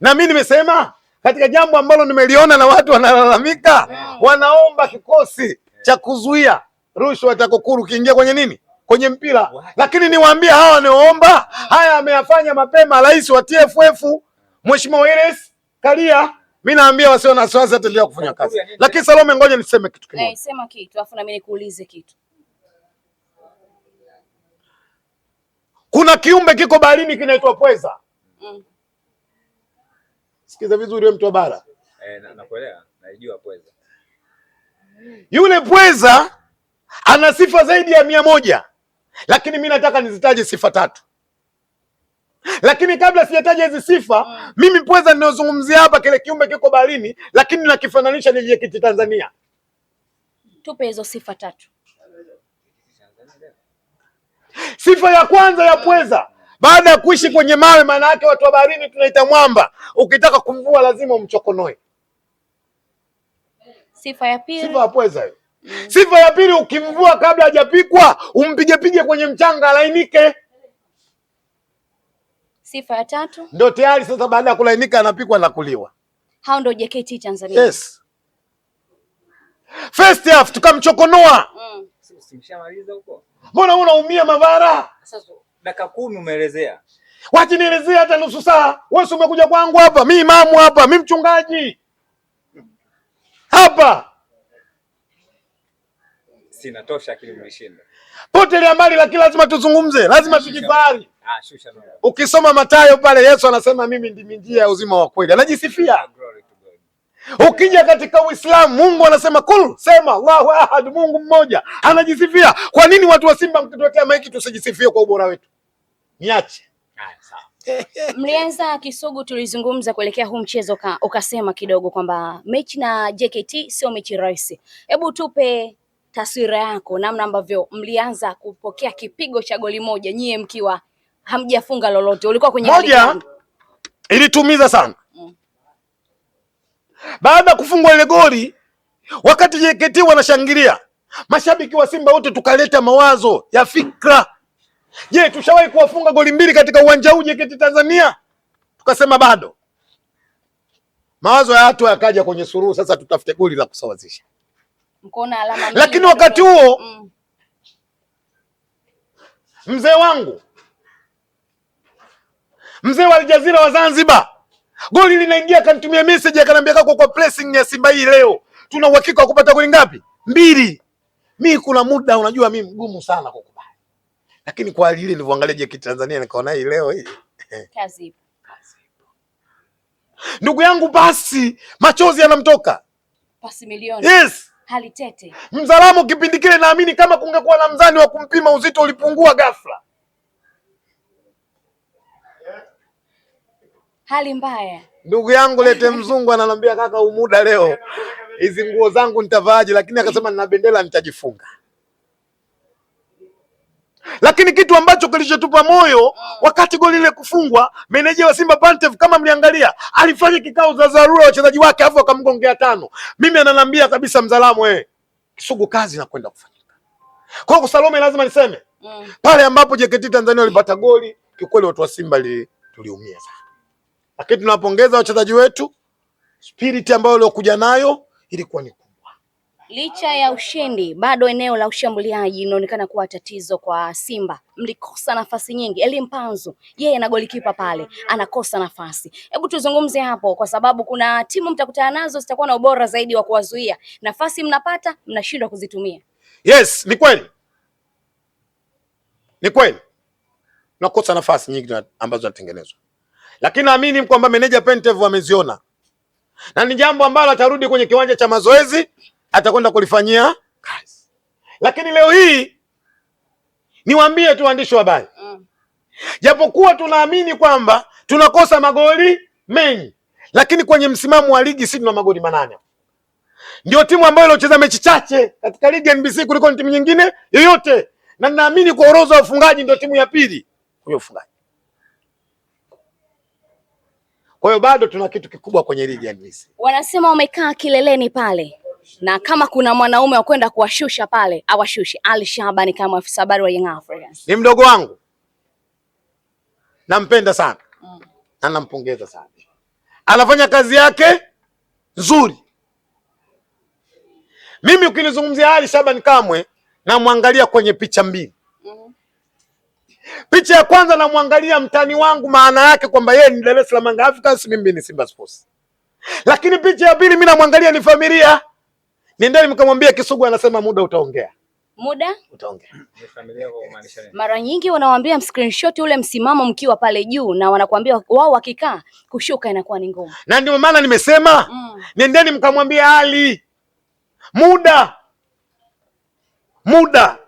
Na mimi nimesema katika jambo ambalo nimeliona na watu wanalalamika, wanaomba kikosi cha kuzuia rushwa cha TAKUKURU kiingia kwenye nini kwenye mpira, lakini niwaambie hawa wanaoomba haya ameyafanya mapema rais wa TFF Mheshimiwa Hersi Karia. Mi naambia wasio na wasiwasi, ataendelea kufanya kazi. Lakini Salome, ngoja niseme kitu kimoja. Eh, sema kitu afu na mimi nikuulize kitu. Kuna kiumbe kiko baharini kinaitwa pweza mm. Sikiza vizuri wewe mtu wa bara. Eh, nakuelewa. Najua pweza. Yule pweza ana sifa zaidi ya mia moja lakini mi nataka nizitaje sifa tatu. Lakini kabla sijataja hizi sifa, mimi pweza ninayozungumzia hapa, kile kiumbe kiko baharini, lakini nakifananisha na JKT Tanzania. Tupe hizo sifa tatu. Sifa ya kwanza ya pweza baada ya kuishi kwenye mawe, maana yake watu wa baharini tunaita mwamba. Ukitaka kumvua lazima umchokonoe. Sifa ya pili, sifa ya pweza hiyo. Mm. Sifa ya pili, ukimvua kabla hajapikwa umpigepige kwenye mchanga alainike. Sifa ya tatu, ndio tayari sasa, baada ya kulainika anapikwa na kuliwa. Hao ndio JKT Tanzania. Yes. First half tukamchokonoa. Mm. Mbona unaumia mavara? Sasa dakika kumi umeelezea. Wachinielezea hata nusu saa. Wewe umekuja kwangu hapa, mi imamu hapa, mi mchungaji hapa. Sina tosha, akili mlishinda. Potelea mbali, lakini lazima tuzungumze, lazima tujifahari. Ah, Ukisoma Mathayo pale, Yesu anasema mimi ndimi njia ya uzima wa kweli, anajisifia. Ah, Ukija katika Uislamu, Mungu anasema kul, sema Allahu ahad, Mungu mmoja, anajisifia. Kwa nini watu wa Simba mkituletea maiki tusijisifie kwa ubora wetu? niache. Mlianza Kisugu, tulizungumza kuelekea huu mchezo ka, ukasema kidogo kwamba mechi na JKT sio mechi rahisi. Hebu tupe taswira yako, namna ambavyo mlianza kupokea kipigo cha goli moja nyie mkiwa hamjafunga lolote, ulikuwa kwenye moja, ilitumiza sana mm. Baada ya kufungwa ile goli, wakati JKT wanashangilia, mashabiki wa Simba wote tukaleta mawazo ya fikra Je, tushawahi kuwafunga goli mbili katika uwanja huu JKT Tanzania? Tukasema bado. Mawazo ya watu yakaja kwenye suruhu, sasa tutafute goli la kusawazisha, mkona alama. Lakini wakati huo mm, mzee wangu mzee wa Aljazira wa Zanzibar, goli linaingia, akanitumia message akaniambia, kako kwa pressing ya Simba hii leo tuna uhakika wa kupata goli ngapi? Mbili. Mi kuna muda unajua mi mgumu sana kuku lakini kwa hali ile nilivyoangalia jeki Tanzania nikaona hii leo hii kazi ipo. Ndugu yangu, basi machozi yanamtoka basi milioni. Yes. Hali tete. kipindi kile, naamini kama kungekuwa na mzani wa kumpima uzito ulipungua ghafla. Hali mbaya. Ndugu yangu lete mzungu ananambia kaka, umuda leo hizi nguo zangu nitavaaje? Lakini akasema nina bendera nitajifunga lakini kitu ambacho kilichotupa moyo ah. wakati goli lile kufungwa, meneja wa Simba Pantev, kama mliangalia, alifanya kikao za dharura wachezaji wake, afu akamgongea tano. Mimi ananambia kabisa, Mzalamu eh, Kisugu, kazi inakwenda kufanyika. Kwa hiyo Salome, lazima niseme mm. pale ambapo JKT Tanzania walipata goli, kiukweli watu wa Simba li, tuliumia sana, lakini tunawapongeza wachezaji wetu, spiriti ambayo waliokuja nayo ilikuwa ni Licha ya ushindi, bado eneo la ushambuliaji linaonekana kuwa tatizo kwa Simba. Mlikosa nafasi nyingi. Eli Mpanzu yeye na golikipa pale anakosa nafasi. Hebu tuzungumze hapo, kwa sababu kuna timu mtakutana nazo zitakuwa na ubora zaidi wa kuwazuia. Nafasi mnapata mnashindwa kuzitumia. Yes, ni kweli, ni kweli, tunakosa nafasi nyingi ambazo zinatengenezwa, lakini naamini kwamba meneja Pentev ameziona na ni jambo ambalo atarudi kwenye kiwanja cha mazoezi atakwenda kulifanyia kazi. Lakini leo hii niwaambie tu waandishi wa habari mm. japokuwa tunaamini kwamba tunakosa magoli mengi, lakini kwenye msimamo wa ligi si tuna magoli manane, ndio timu ambayo iliocheza mechi chache katika ligi NBC kuliko timu nyingine yoyote, na ninaamini kwa orodha wa ufungaji ndio timu ya pili kwenye ufungaji. Kwa hiyo bado tuna kitu kikubwa kwenye ligi NBC. Wanasema wamekaa kileleni pale na kama kuna mwanaume wa kwenda kuwashusha pale awashushe. Ali Shabani kama afisa habari wa Young Africans ni mdogo wangu, nampenda sana mm. nampongeza sana, anafanya kazi yake nzuri. Mimi ukinizungumzia Ali Shabani Kamwe namwangalia kwenye picha mbili mm. picha ya kwanza namwangalia mtani wangu, maana yake kwamba yeye ni Dar es Salaam Africans, mimi ni Simba Sports, lakini picha ya pili mimi namwangalia ni familia Nendeni mkamwambia Kisugu anasema muda utaongea. Muda utaongea. Mara nyingi wanawaambia screenshot ule msimamo mkiwa pale juu, na wanakuambia wao wakikaa kushuka inakuwa ni ngumu, na ndio maana nimesema mm. Nendeni mkamwambia Ali muda muda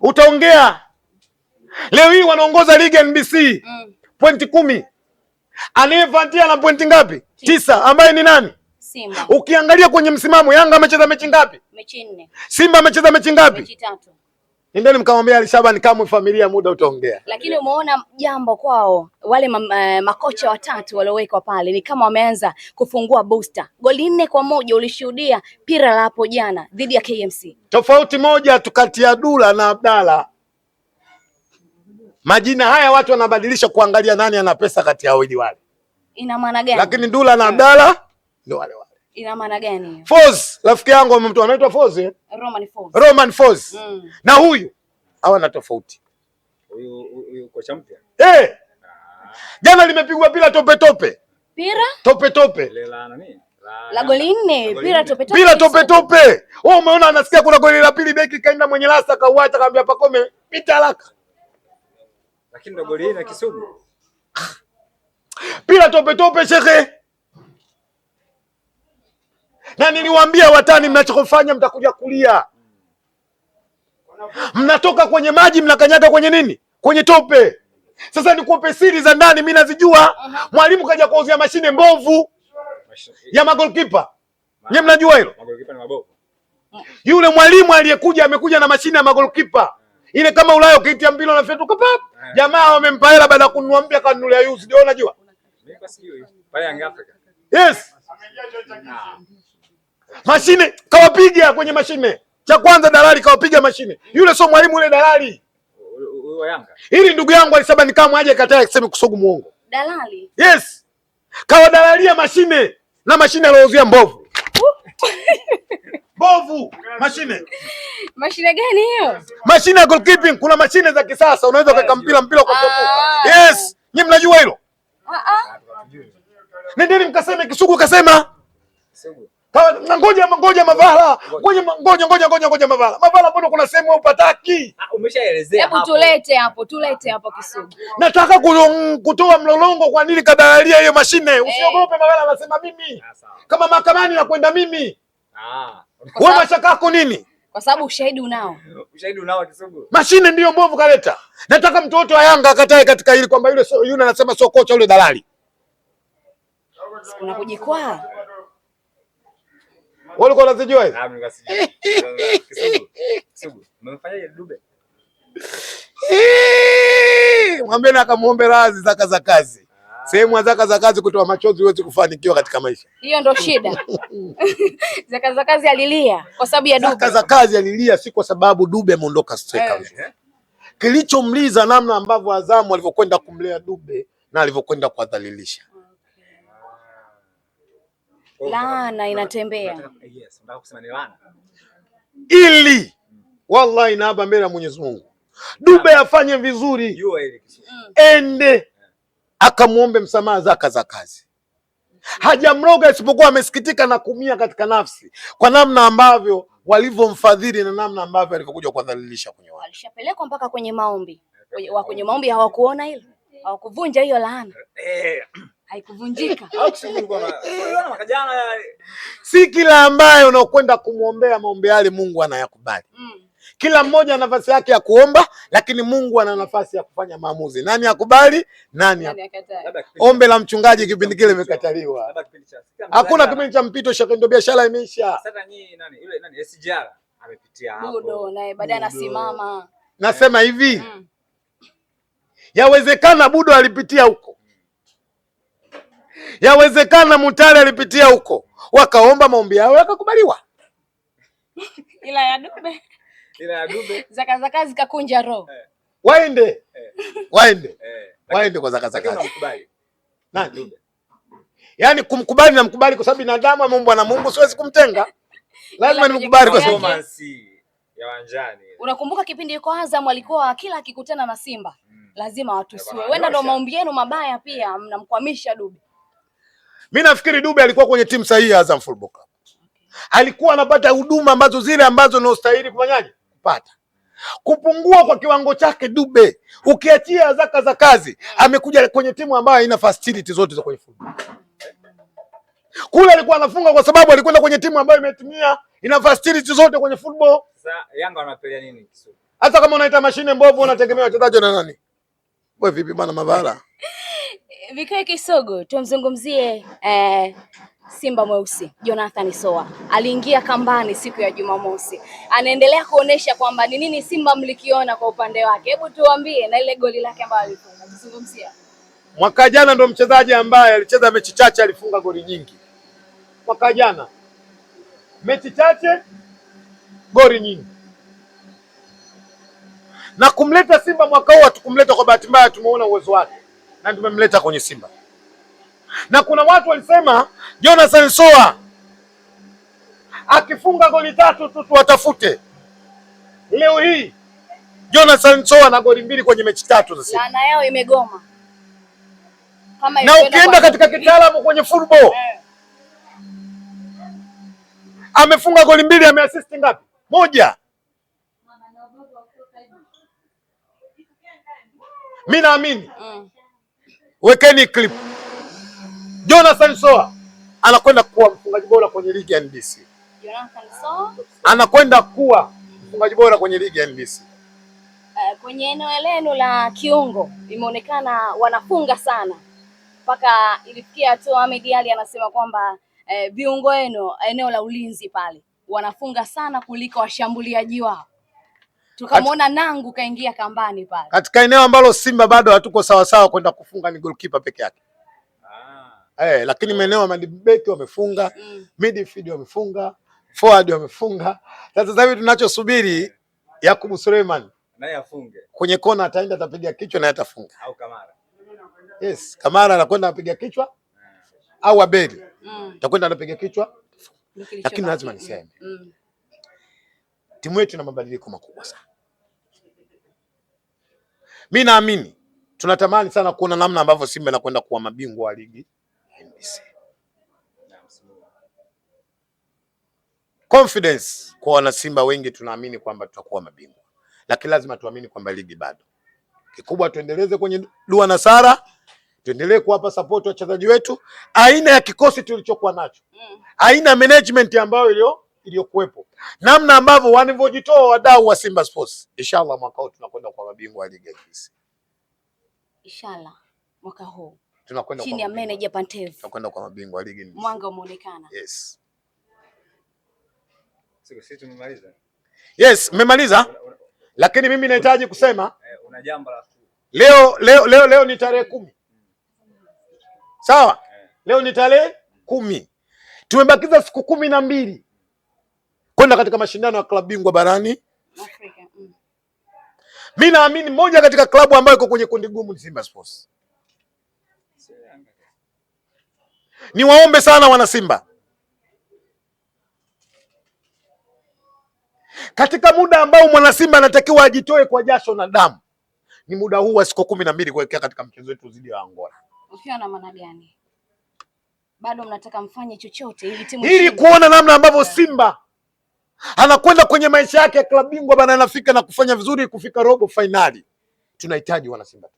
utaongea. Leo hii wanaongoza ligi NBC mm. pointi kumi, anayefuatia na pointi ngapi? Tisa, ambaye ni nani? Simba. Ukiangalia kwenye msimamo, Yanga amecheza mechi ngapi? Mechi nne. Simba amecheza mechi ngapi? Mechi tatu. Nendeni mkamwambia Ali Shabani kama familia muda utaongea. Lakini umeona jambo kwao wale ma, uh, makocha watatu waliowekwa pale ni kama wameanza kufungua booster. Goli nne kwa moja ulishuhudia pira la hapo jana dhidi ya KMC. Tofauti moja tukati ya Dula na Abdala. Majina haya watu wanabadilisha kuangalia nani ana pesa kati ya wawili wale. Ina maana gani? Lakini Dula na Abdala hmm. ndio wale. Ina maana gani? Foz, rafiki yangu mtu anaitwa Foz eh? Roman Foz. Roman Foz. Mm. Na huyu hawana tofauti. Huyu huyu kocha mpya. Eh. Ah. Jana limepigwa bila tope tope. Pira? Tope tope. Lela nani? La goli nne, pira tope tope. Pira tope tope. Wewe umeona anasikia kuna goli la pili beki kaenda mwenye lasa kauacha kaambia pakome pita haraka. Lakini ndo goli hili na Kisugu. Pira tope tope shehe na niliwaambia watani, mnachofanya mtakuja kulia. Mnatoka kwenye maji mnakanyaga kwenye nini? Kwenye tope. Sasa nikupe siri za ndani, mi nazijua. Mwalimu kaja kuuzia mashine mbovu ya magolkipa, nye mnajua hilo. Yule mwalimu aliyekuja amekuja na mashine ya magolkipa ile, kama Ulaya ukiitia mpira fetu kapa eh. Jamaa wamempa hela baada ya kununua mpya, yuzi ndio Unajua yes mashine kawapiga kwenye mashine. Cha kwanza dalali kawapiga mashine, yule sio mwalimu, yule dalali. Hili ndugu yangu alisema nikamwe aje kataa akisema kusogu muongo. Dalali. Yes. Kawadalalia mashine na mashine aliyouzia mbovu. Mbovu mashine. Mashine gani hiyo? Mashine ya goalkeeping, kuna mashine za kisasa unaweza kuweka mpira mpira kwa sababu. Ah. Yes. nyi mnajua hilo? Ah ah. Nendeni mkaseme kisugu kasema. Kisugu. Ngoja ngoja Mavala. Ngoja ngoja ngoja ngoja ngoja Mavala. Mavala, mbona kuna sehemu upataki? Ah, umeshaelezea hapo. Hebu tulete hapo, tulete hapo Kisugu. Nataka kutoa mlolongo kwa nini kadalalia hiyo mashine. Eh. Usiogope Mavala anasema mimi. Ah, Kama mahakamani nakwenda mimi. Ah. Wewe mashaka yako nini? Kwa sababu ushahidi unao. Ushahidi unao Kisugu. Mashine ndiyo mbovu kaleta. Nataka mtoto wa Yanga akatae katika hili kwamba yule yule anasema sio kocha yule dalali. Unakujikwaa Walikuwa unazijua hizo? Ah, mimi nikasijua. Dube? Mwambie na akamuombe radhi zaka za kazi. Ah. Sehemu zaka za kazi kutoa machozi huwezi kufanikiwa katika maisha. Hiyo ndio shida. Zaka za kazi alilia kwa sababu ya Dube. Zaka za kazi alilia si kwa sababu Dube ameondoka Stray House. Eh. Eh? Kilichomliza namna ambavyo Azamu alivyokwenda kumlea Dube na alivyokwenda kuwadhalilisha. Oh, laana inatembea, ili wallahi inaaba mbele ya Mwenyezi Mungu Dube afanye vizuri mm. ende akamwombe msamaha zaka za kazi, hajamroga isipokuwa amesikitika na kumia katika nafsi kwa namna ambavyo walivyomfadhili na namna ambavyo alivyokuja kuwadhalilisha kwenye wao. Alishapelekwa mpaka kwenye maombi, kwenye maombi hawakuona hilo, hawakuvunja hiyo laana eh haikuvunjika si kila ambaye unaokwenda kumwombea maombi yale Mungu anayakubali. mm. Kila mmoja ana nafasi yake ya kuomba, lakini Mungu ana nafasi ya kufanya maamuzi, nani akubali, nani akatae. Ombe la mchungaji kipindi kile limekataliwa, hakuna kipindi cha mpito, shakendo biashara imeisha. Nasema hivi, mm. yawezekana Budo alipitia huko Yawezekana Mutale alipitia huko, wakaomba maombi yao yakakubaliwa, ila ya Dube, ila ya Dube zaka zaka zikakunja roho eh. Waende eh. waende eh. waende kwa zaka zaka nani Dube. Yaani kumkubali namkubali kwa sababu binadamu ameumbwa na Mungu, siwezi kumtenga, lazima nimkubali kwa sababu ya wanjani. Unakumbuka kipindi yuko Azam alikuwa kila akikutana na Simba mm. lazima watusue. Wenda ndo maombi yenu mabaya pia mnamkwamisha Dube. Mi nafikiri Dube alikuwa kwenye timu sahihi ya Azam Football Club, alikuwa anapata huduma ambazo zile ambazo naostahili kufanyaje kupata kupungua kwa kiwango chake Dube ukiachia zaka za kazi, amekuja kwenye timu ambayo haina facility zote za kwenye football. Kule alikuwa anafunga kwa sababu alikwenda kwenye timu ambayo imetumia ina facility zote kwenye football. Sasa Yanga wanapelea nini Kisugu? Hata kama unaita mashine mbovu unategemea wachezaji na nani? Wewe vipi bana Mavara? Vikae kisogo tumzungumzie eh, Simba mweusi Jonathan Soa aliingia kambani siku ya Jumamosi, anaendelea kuonesha kwamba ni nini Simba mlikiona kwa upande wake. Hebu tuambie na ile goli lake ambayo alifunga, tuzungumzie. Mwaka jana ndo mchezaji ambaye alicheza mechi chache alifunga goli nyingi. Mwaka jana mechi chache goli nyingi, na kumleta Simba mwaka huu hatukumleta kwa bahati mbaya, tumeona uwezo wake na tumemleta kwenye Simba. Na kuna watu walisema Jonathan Soa akifunga goli tatu tu tuwatafute. Leo hii Jonathan Soa na goli mbili kwenye mechi tatu za Simba. yao imegoma. Kama na ukienda katika kitaalamu kwenye football eh, Amefunga goli mbili, ameassist ngapi? Moja. Mimi naamini mm. Wekeni clip. Jonathan Soa anakwenda kuwa mfungaji bora kwenye ligi ya NBC. Jonathan Soa anakwenda kuwa mfungaji bora kwenye ligi ya NBC. Uh, eh, kwenye eneo lenu la kiungo imeonekana wanafunga sana mpaka ilifikia tu Ahmed Ali anasema kwamba eh, viungo eh, wenu eneo la ulinzi pale wanafunga sana kuliko washambuliaji wao tukamwona nangu kaingia kambani pale katika eneo ambalo Simba bado hatuko sawasawa kwenda kufunga, ni goalkeeper peke yake ah. Eh, lakini maeneo ya madibeki wamefunga mm. midfield wamefunga forward wamefunga. Sasa hivi tunachosubiri Yakubu Suleiman naye afunge kwenye kona, ataenda atapiga kichwa na atafunga, au Kamara. Yes, Kamara anakwenda apiga kichwa au Abeli mm. atakwenda anapiga kichwa, lakini lazima niseme mm timu yetu ina mabadiliko makubwa sana. Mi naamini tunatamani sana kuona namna ambavyo Simba inakwenda kuwa mabingwa wa ligi NBC. Confidence kwa wanasimba wengi, tunaamini kwamba tutakuwa mabingwa, lakini lazima tuamini kwamba ligi bado kikubwa, tuendeleze kwenye dua na sara, tuendelee kuwapa support wachezaji wetu, aina ya kikosi tulichokuwa nacho, mm. aina ya management ambayo iliyo iliyokuwepo, namna ambavyo wanavyojitoa wadau wa Simba Sports. Inshallah mwaka huu tunakwenda kwa mabingwa wa ligi ya kisi. Inshallah mwaka huu tunakwenda chini ya manager Pantev, tunakwenda kwa mabingwa wa ligi. Mwanga umeonekana. Yes, sisi tumemaliza. Yes, mmemaliza, lakini mimi nahitaji kusema eh, una jambo la leo. Leo leo leo ni tarehe kumi, sawa? Eh. Leo ni tarehe kumi, tumebakiza siku kumi na mbili kwenda katika mashindano ya klabu bingwa barani Afrika. Mm. naamini moja katika klabu ambayo iko kwenye kundi gumu ni Simba Sports. Niwaombe sana wana Simba, katika muda ambao mwana Simba anatakiwa ajitoe kwa jasho na damu ni muda huu wa siku kumi na mbili kuelekea katika mchezo wetu dhidi ya Angola. Ukiwa na maana gani? Bado mnataka mfanye chochote ili timu ili kuona namna ambavyo Simba anakwenda kwenye maisha yake ya klabu bingwa bana, anafika na kufanya vizuri, kufika robo fainali. Tunahitaji wanasimba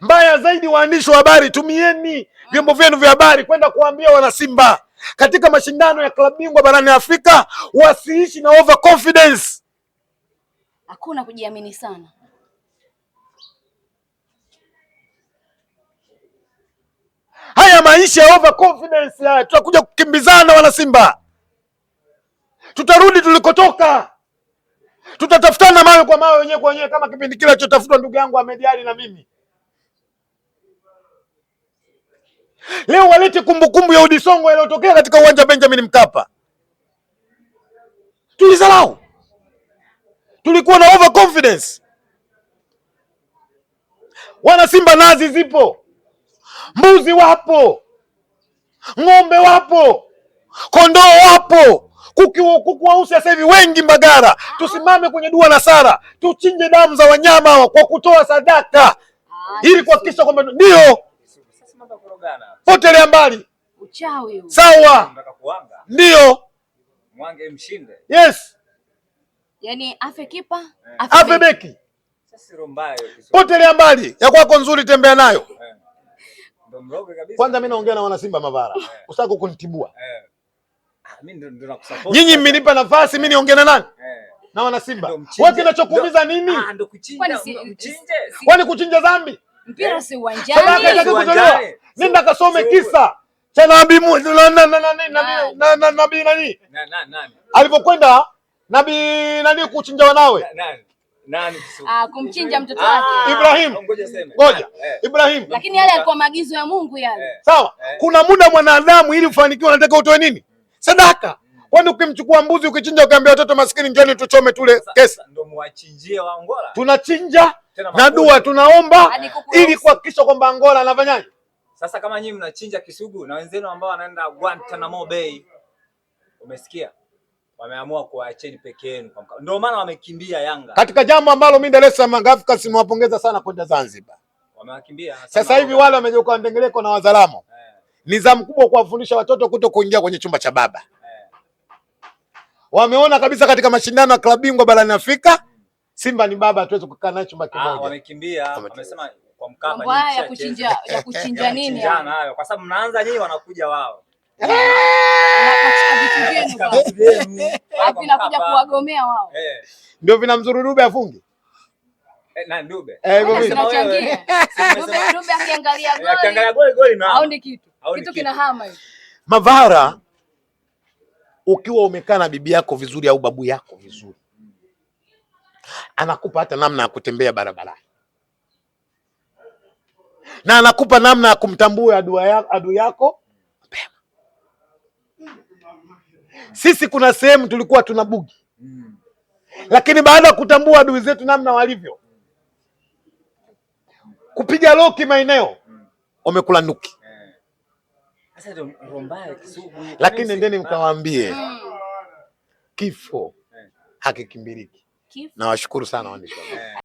Mbaya zaidi, waandishi wa habari, tumieni vyombo vyenu vya habari kwenda kuwaambia wanasimba katika mashindano ya klabu bingwa barani Afrika wasiishi na overconfidence. Hakuna kujiamini sana. Tunaisha over confidence ya tutakuja kukimbizana, wana Simba, tutarudi tulikotoka, tutatafutana mawe kwa mawe, wenyewe kwa wenyewe, kama kipindi kile alichotafutwa ndugu yangu Ahmed Ali na mimi. Leo walete kumbukumbu ya udisongo iliyotokea katika uwanja wa Benjamin Mkapa. Tulizalau, tulikuwa na over confidence. Wana Simba, nazi zipo, mbuzi wapo, ng'ombe wapo, kondoo wapo, kuku weusi sasa hivi wengi Mbagara. Tusimame kwenye dua na sara tuchinje damu za wanyama hawa kwa kutoa sadaka ili kuhakikisha kwamba ndio potelea mbali sawa, ndio yes, yani afe kipa afe beki, potelea mbali ya kwako nzuri, tembea nayo yeah. Kwanza mimi naongea na wana Simba Mavara, eh. kunitibua eh. ah, nyinyi, mmenipa nafasi mimi niongee na nani? Eh. Na wana Simba wewe, kinachokuumiza nini? Ah, Kwani kuchinja dhambi? Mpira si uwanjani. Nenda kasome kisa cha nabii nani alivyokwenda nabii nani kuchinja wanawe nani ah, kumchinja mtoto wake ah, Ibrahim. Ngoja eh, eh. Ibrahim, lakini yale yalikuwa maagizo ya Mungu yale. Eh. Sawa, kuna muda mwanadamu, ili ufanikiwe, unataka utoe nini? Sadaka. Hmm. Kwani ukimchukua mbuzi ukichinja, ukiambia watoto maskini, njoni tuchome tule kesi, ndio muachinjie wa Angola. Tunachinja na dua tunaomba, ili kuhakikisha kwamba Angola anafanyaje. Sasa kama nyinyi mnachinja Kisugu na wenzenu ambao wanaenda Guantanamo Bay, umesikia wameamua kuwaacheni peke yenu, ndio maana wamekimbia Yanga katika jambo ambalo mimi Dar es Salaam Africans simwapongeza sana kwenda Zanzibar. Wamewakimbia sasa hivi wale wamejeuka mdengeleko na wazalamo eh. ni zamu kubwa kuwafundisha watoto kuto kuingia kwenye chumba cha baba eh. Wameona kabisa katika mashindano ya klabu bingwa barani Afrika Simba ni baba, hatuwezi kukaa naye chumba ah, kimoja. Ah, wamekimbia wamesema kwa Mkapa ni ya kuchinja ya kuchinja nini hayo, kwa sababu mnaanza nyinyi wanakuja wao vinakuja kuwagomea wao, ndio vinamzuru Dube afunge eh, eh, Mavara, ukiwa umekaa na bibi yako vizuri au babu yako vizuri, anakupa hata namna ya kutembea barabarani na anakupa namna ya kumtambua adui yako Sisi kuna sehemu tulikuwa tuna bugi, mm. lakini baada ya kutambua adui zetu namna walivyo, kupiga loki maeneo mm. wamekula nuki. Eh. Lakini ndeni mkawaambie mm. kifo eh. hakikimbiliki. Nawashukuru sana waandishi.